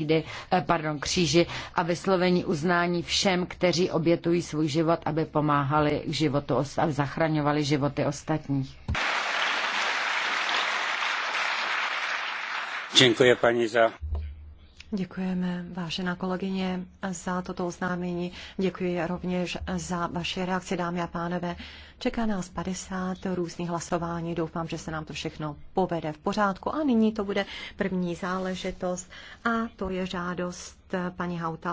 křídy, eh, pardon, kříži a vyslovení uznání všem, kteří obětují svůj život, aby pomáhali k životu a zachraňovali životy ostatních. Děkuji paní za Děkujeme, vážená kolegyně, za toto oznámení. Děkuji rovněž za vaše reakci, dámy a pánové. Čeká nás 50 různých hlasování. Doufám, že se nám to všechno povede v pořádku. A nyní to bude první záležitost a to je žádost paní Hauta.